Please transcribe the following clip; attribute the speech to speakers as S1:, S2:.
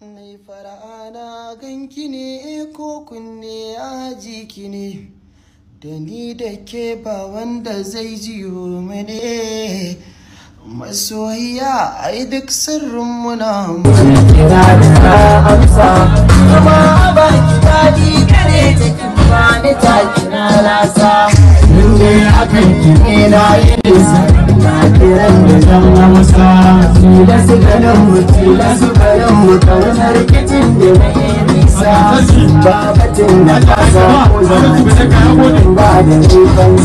S1: mai na, ganki ne ko kunne a jiki ne da ni da ke ba wanda zai jiyo mene masoyiya ai duk sirrin muna kira da amsa kuma ba ki daɗi kare cikin
S2: ba ni ta kira lasa mun ne a kire na yi nisa na kiran da zan amsa Tila su kalan mu, tila su kalan mu Kaunar kicin da na yi nisa Babatin na kasa
S3: ko
S4: zama ba da